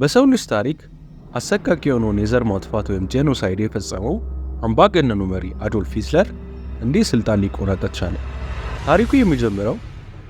በሰው ልጅ ታሪክ አሰቃቂ የሆነውን የዘር ማጥፋት ወይም ጄኖሳይድ የፈጸመው አምባገነኑ መሪ አዶልፍ ሂትለር እንዲህ ስልጣን ሊቆናጠጥ ቻለ? ታሪኩ የሚጀምረው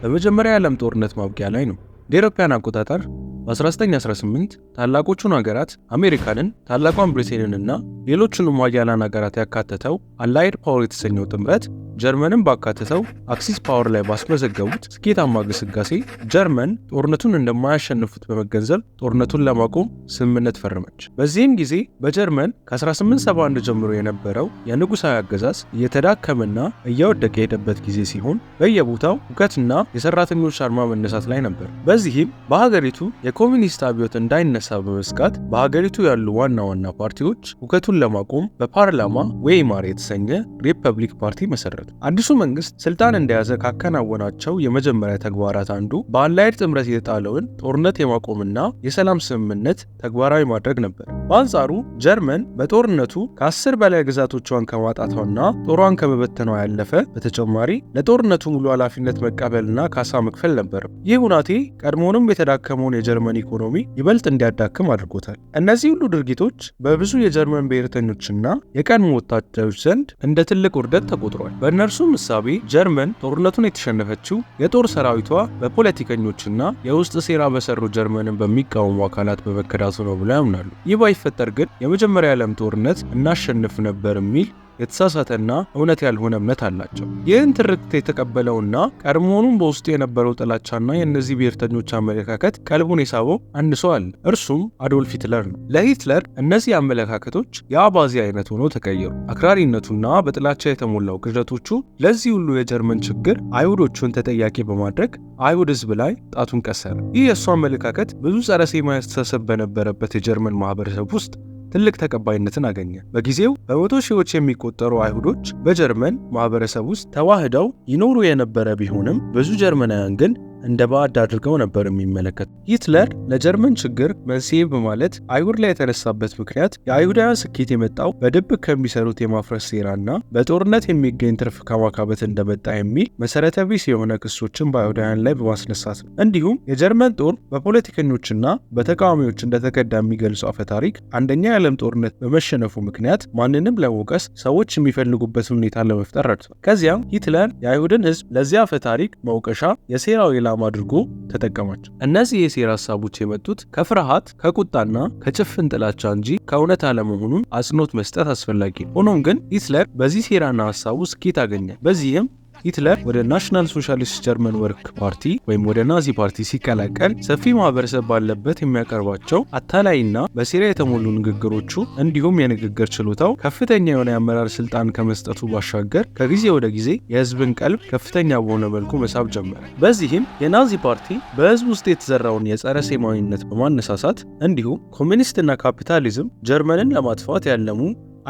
በመጀመሪያ የዓለም ጦርነት ማብቂያ ላይ ነው። እንደ አውሮፓውያን አቆጣጠር በ1918 ታላቆቹን ሀገራት አሜሪካንን፣ ታላቋን ብሪቴንንና ሌሎቹንም ሀያላን ሀገራት ያካተተው አላይድ ፓወር የተሰኘው ጥምረት ጀርመንን ባካተተው አክሲስ ፓወር ላይ ባስመዘገቡት ስኬታማ ግስጋሴ ጀርመን ጦርነቱን እንደማያሸንፉት በመገንዘብ ጦርነቱን ለማቆም ስምምነት ፈረመች። በዚህም ጊዜ በጀርመን ከ1871 ጀምሮ የነበረው የንጉሳዊ አገዛዝ እየተዳከመና እየወደቀ የሄደበት ጊዜ ሲሆን በየቦታው ሁከትና የሰራተኞች አድማ መነሳት ላይ ነበር። በዚህም በሀገሪቱ የኮሚኒስት አብዮት እንዳይነሳ በመስጋት በሀገሪቱ ያሉ ዋና ዋና ፓርቲዎች ሁከቱን ለማቆም በፓርላማ ዌይማር የተሰኘ ሪፐብሊክ ፓርቲ መሰረቱ። አዲሱ መንግስት ስልጣን እንደያዘ ካከናወናቸው የመጀመሪያ ተግባራት አንዱ በአላይድ ጥምረት የተጣለውን ጦርነት የማቆምና የሰላም ስምምነት ተግባራዊ ማድረግ ነበር። በአንጻሩ ጀርመን በጦርነቱ ከአስር በላይ ግዛቶቿን ከማጣቷና ጦሯን ከመበተኗ ያለፈ በተጨማሪ ለጦርነቱ ሙሉ ኃላፊነት መቀበልና ካሳ መክፈል ነበር። ይህ ሁናቴ ቀድሞውንም የተዳከመውን የጀርመን ኢኮኖሚ ይበልጥ እንዲያዳክም አድርጎታል። እነዚህ ሁሉ ድርጊቶች በብዙ የጀርመን ብሔርተኞችና የቀድሞ ወታደሮች ዘንድ እንደ ትልቅ ውርደት ተቆጥሯል። በእነርሱም ምሳቤ ጀርመን ጦርነቱን የተሸነፈችው የጦር ሰራዊቷ በፖለቲከኞችና የውስጥ ሴራ በሰሩ ጀርመንን በሚቃወሙ አካላት በመከዳቱ ነው ብለው ያምናሉ። ይህ ባይፈጠር ግን የመጀመሪያ ዓለም ጦርነት እናሸንፍ ነበር የሚል የተሳሳተና እውነት ያልሆነ እምነት አላቸው። ይህን ትርክት የተቀበለውና ቀድሞውኑም በውስጡ የነበረው ጥላቻና የእነዚህ ብሔርተኞች አመለካከት ቀልቡን የሳበው አንድ ሰው አለ። እርሱም አዶልፍ ሂትለር ነው። ለሂትለር እነዚህ አመለካከቶች የአባዚ አይነት ሆነው ተቀየሩ። አክራሪነቱና በጥላቻ የተሞላው ቅዠቶቹ ለዚህ ሁሉ የጀርመን ችግር አይሁዶቹን ተጠያቂ በማድረግ አይሁድ ህዝብ ላይ ጣቱን ቀሰረ። ይህ የእሱ አመለካከት ብዙ ጸረ ሴማዊ አስተሳሰብ በነበረበት የጀርመን ማህበረሰብ ውስጥ ትልቅ ተቀባይነትን አገኘ። በጊዜው በመቶ ሺዎች የሚቆጠሩ አይሁዶች በጀርመን ማህበረሰብ ውስጥ ተዋህደው ይኖሩ የነበረ ቢሆንም ብዙ ጀርመናውያን ግን እንደ ባዕድ አድርገው ነበር የሚመለከት። ሂትለር ለጀርመን ችግር መንስኤ በማለት አይሁድ ላይ የተነሳበት ምክንያት የአይሁዳውያን ስኬት የመጣው በድብቅ ከሚሰሩት የማፍረስ ሴራና በጦርነት የሚገኝ ትርፍ ከማካበት እንደመጣ የሚል መሰረተ ቢስ የሆነ ክሶችን በአይሁዳውያን ላይ በማስነሳት ነው። እንዲሁም የጀርመን ጦር በፖለቲከኞችና በተቃዋሚዎች እንደተከዳ የሚገልጹ አፈታሪክ አንደኛ የዓለም ጦርነት በመሸነፉ ምክንያት ማንንም ለመውቀስ ሰዎች የሚፈልጉበት ሁኔታ ለመፍጠር ረድቷል። ከዚያም ሂትለር የአይሁድን ህዝብ ለዚያ አፈታሪክ መውቀሻ የሴራው ዓላማ አድርጎ ተጠቀማቸው። እነዚህ የሴራ ሀሳቦች የመጡት ከፍርሃት ከቁጣና ከጭፍን ጥላቻ እንጂ ከእውነት አለመሆኑን አጽንኦት መስጠት አስፈላጊ ነው። ሆኖም ግን ሂትለር በዚህ ሴራና ሀሳቡ ስኬት አገኘ። በዚህም ሂትለር ወደ ናሽናል ሶሻሊስት ጀርመን ወርክ ፓርቲ ወይም ወደ ናዚ ፓርቲ ሲቀላቀል ሰፊ ማህበረሰብ ባለበት የሚያቀርባቸው አታላይና በሴራ የተሞሉ ንግግሮቹ እንዲሁም የንግግር ችሎታው ከፍተኛ የሆነ የአመራር ስልጣን ከመስጠቱ ባሻገር ከጊዜ ወደ ጊዜ የህዝብን ቀልብ ከፍተኛ በሆነ መልኩ መሳብ ጀመረ። በዚህም የናዚ ፓርቲ በህዝብ ውስጥ የተዘራውን የጸረ ሴማዊነት በማነሳሳት እንዲሁም ኮሚኒስትና ካፒታሊዝም ጀርመንን ለማጥፋት ያለሙ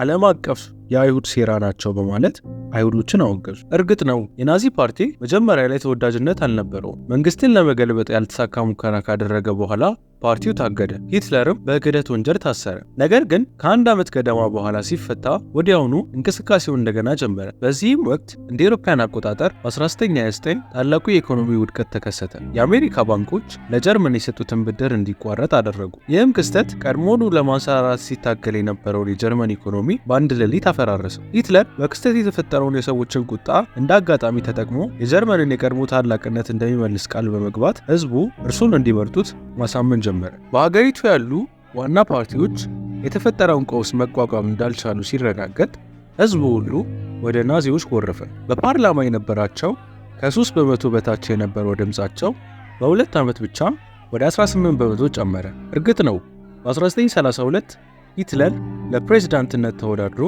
ዓለም አቀፍ የአይሁድ ሴራ ናቸው በማለት አይሁዶችን አወገዙ። እርግጥ ነው የናዚ ፓርቲ መጀመሪያ ላይ ተወዳጅነት አልነበረውም። መንግስትን ለመገልበጥ ያልተሳካ ሙከራ ካደረገ በኋላ ፓርቲው ታገደ። ሂትለርም በክህደት ወንጀል ታሰረ። ነገር ግን ከአንድ ዓመት ገደማ በኋላ ሲፈታ ወዲያውኑ እንቅስቃሴውን እንደገና ጀመረ። በዚህም ወቅት እንደ ኤሮፓያን አቆጣጠር በ1929 ታላቁ የኢኮኖሚ ውድቀት ተከሰተ። የአሜሪካ ባንኮች ለጀርመን የሰጡትን ብድር እንዲቋረጥ አደረጉ። ይህም ክስተት ቀድሞኑ ለማንሰራራት ሲታገል የነበረውን የጀርመን ኢኮኖሚ በአንድ ሌሊት አፈራረሰው። ሂትለር በክስተት የተፈጠረውን የሰዎችን ቁጣ እንደ አጋጣሚ ተጠቅሞ የጀርመንን የቀድሞ ታላቅነት እንደሚመልስ ቃል በመግባት ህዝቡ እርሱን እንዲመርጡት ማሳመን ጀመረ። ጀመረ። በአገሪቱ ያሉ ዋና ፓርቲዎች የተፈጠረውን ቀውስ መቋቋም እንዳልቻሉ ሲረጋገጥ ህዝቡ ሁሉ ወደ ናዚዎች ጎረፈ። በፓርላማ የነበራቸው ከ3 በመቶ በታች የነበረው ድምፃቸው በሁለት ዓመት ብቻ ወደ 18 በመቶ ጨመረ። እርግጥ ነው በ1932 ሂትለር ለፕሬዝዳንትነት ተወዳድሮ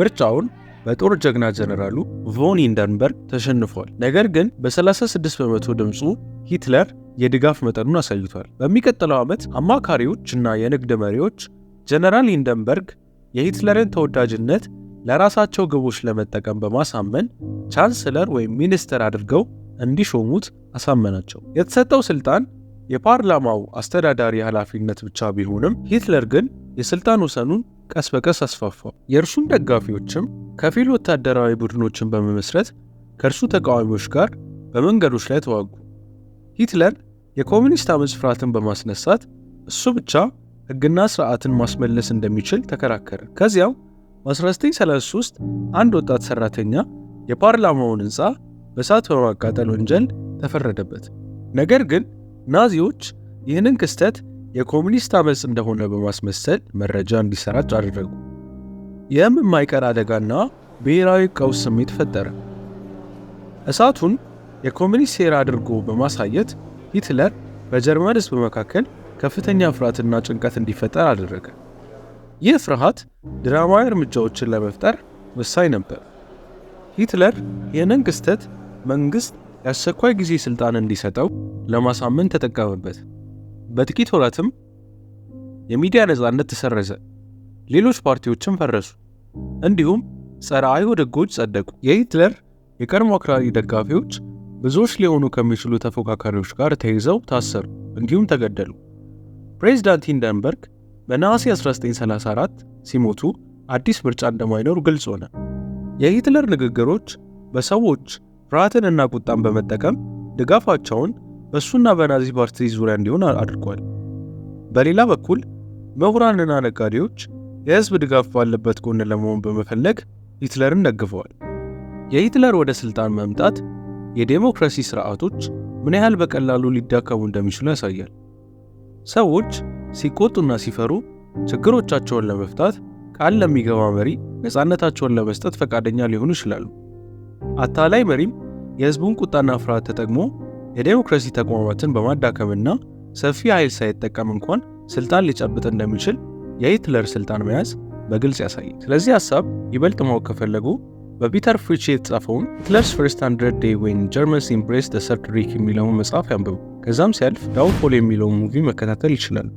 ምርጫውን በጦር ጀግና ጀነራሉ ቮን ኢንደንበርግ ተሸንፏል። ነገር ግን በ36 በመቶ ድምፁ ሂትለር የድጋፍ መጠኑን አሳይቷል። በሚቀጥለው ዓመት አማካሪዎች እና የንግድ መሪዎች ጀነራል ኢንደንበርግ የሂትለርን ተወዳጅነት ለራሳቸው ግቦች ለመጠቀም በማሳመን ቻንስለር ወይም ሚኒስትር አድርገው እንዲሾሙት አሳመናቸው። የተሰጠው ስልጣን የፓርላማው አስተዳዳሪ ኃላፊነት ብቻ ቢሆንም ሂትለር ግን የስልጣን ወሰኑን ቀስ በቀስ አስፋፋው። የእርሱም ደጋፊዎችም ከፊል ወታደራዊ ቡድኖችን በመመስረት ከእርሱ ተቃዋሚዎች ጋር በመንገዶች ላይ ተዋጉ። ሂትለር የኮሚኒስት አመፅ ፍርሃትን በማስነሳት እሱ ብቻ ሕግና ስርዓትን ማስመለስ እንደሚችል ተከራከረ። ከዚያው በ1933 አንድ ወጣት ሰራተኛ የፓርላማውን ህንፃ በእሳት በማቃጠል ወንጀል ተፈረደበት። ነገር ግን ናዚዎች ይህንን ክስተት የኮሚኒስት አመፅ እንደሆነ በማስመሰል መረጃ እንዲሰራጭ አደረጉ። ይህም የማይቀር አደጋና ብሔራዊ ቀውስ ስሜት ፈጠረ። እሳቱን የኮሚኒስት ሴራ አድርጎ በማሳየት ሂትለር በጀርመን ህዝብ መካከል ከፍተኛ ፍርሃትና ጭንቀት እንዲፈጠር አደረገ። ይህ ፍርሃት ድራማዊ እርምጃዎችን ለመፍጠር ወሳኝ ነበር። ሂትለር ይህንን ክስተት መንግሥት የአስቸኳይ ጊዜ ሥልጣን እንዲሰጠው ለማሳመን ተጠቀመበት። በጥቂት ወራትም የሚዲያ ነጻነት ተሰረዘ፣ ሌሎች ፓርቲዎችም ፈረሱ፣ እንዲሁም ጸረ አይሁድ ህጎች ጸደቁ። የሂትለር የቀድሞ አክራሪ ደጋፊዎች ብዙዎች ሊሆኑ ከሚችሉ ተፎካካሪዎች ጋር ተይዘው ታሰሩ፣ እንዲሁም ተገደሉ። ፕሬዚዳንት ሂንደንበርግ በነሐሴ 1934 ሲሞቱ አዲስ ምርጫ እንደማይኖር ግልጽ ሆነ። የሂትለር ንግግሮች በሰዎች እና ቁጣን በመጠቀም ድጋፋቸውን በእሱና በናዚ ፓርቲ ዙሪያ እንዲሆን አድርጓል። በሌላ በኩል ምሁራንና ነጋዴዎች የህዝብ ድጋፍ ባለበት ጎን ለመሆን በመፈለግ ሂትለርን ደግፈዋል። የሂትለር ወደ ሥልጣን መምጣት የዴሞክራሲ ሥርዓቶች ምን ያህል በቀላሉ ሊዳከሙ እንደሚችሉ ያሳያል። ሰዎች ሲቆጡና ሲፈሩ ችግሮቻቸውን ለመፍታት ቃል ለሚገባ መሪ ነፃነታቸውን ለመስጠት ፈቃደኛ ሊሆኑ ይችላሉ። አታላይ መሪም የህዝቡን ቁጣና ፍርሃት ተጠቅሞ የዴሞክራሲ ተቋማትን በማዳከምና ሰፊ ኃይል ሳይጠቀም እንኳን ስልጣን ሊጨብጥ እንደሚችል የሂትለር ስልጣን መያዝ በግልጽ ያሳያል። ስለዚህ ሀሳብ ይበልጥ ማወቅ ከፈለጉ በፒተር ፍሪች የተጻፈውን ሂትለርስ ፈርስት ሃንድረድ ዴይ ዌን ጀርመንስ ኢምፕሬስ ሰርድ ሪክ የሚለውን መጽሐፍ ያንብቡ። ከዛም ሲያልፍ ዳውንፎል የሚለውን ሙቪ መከታተል ይችላሉ።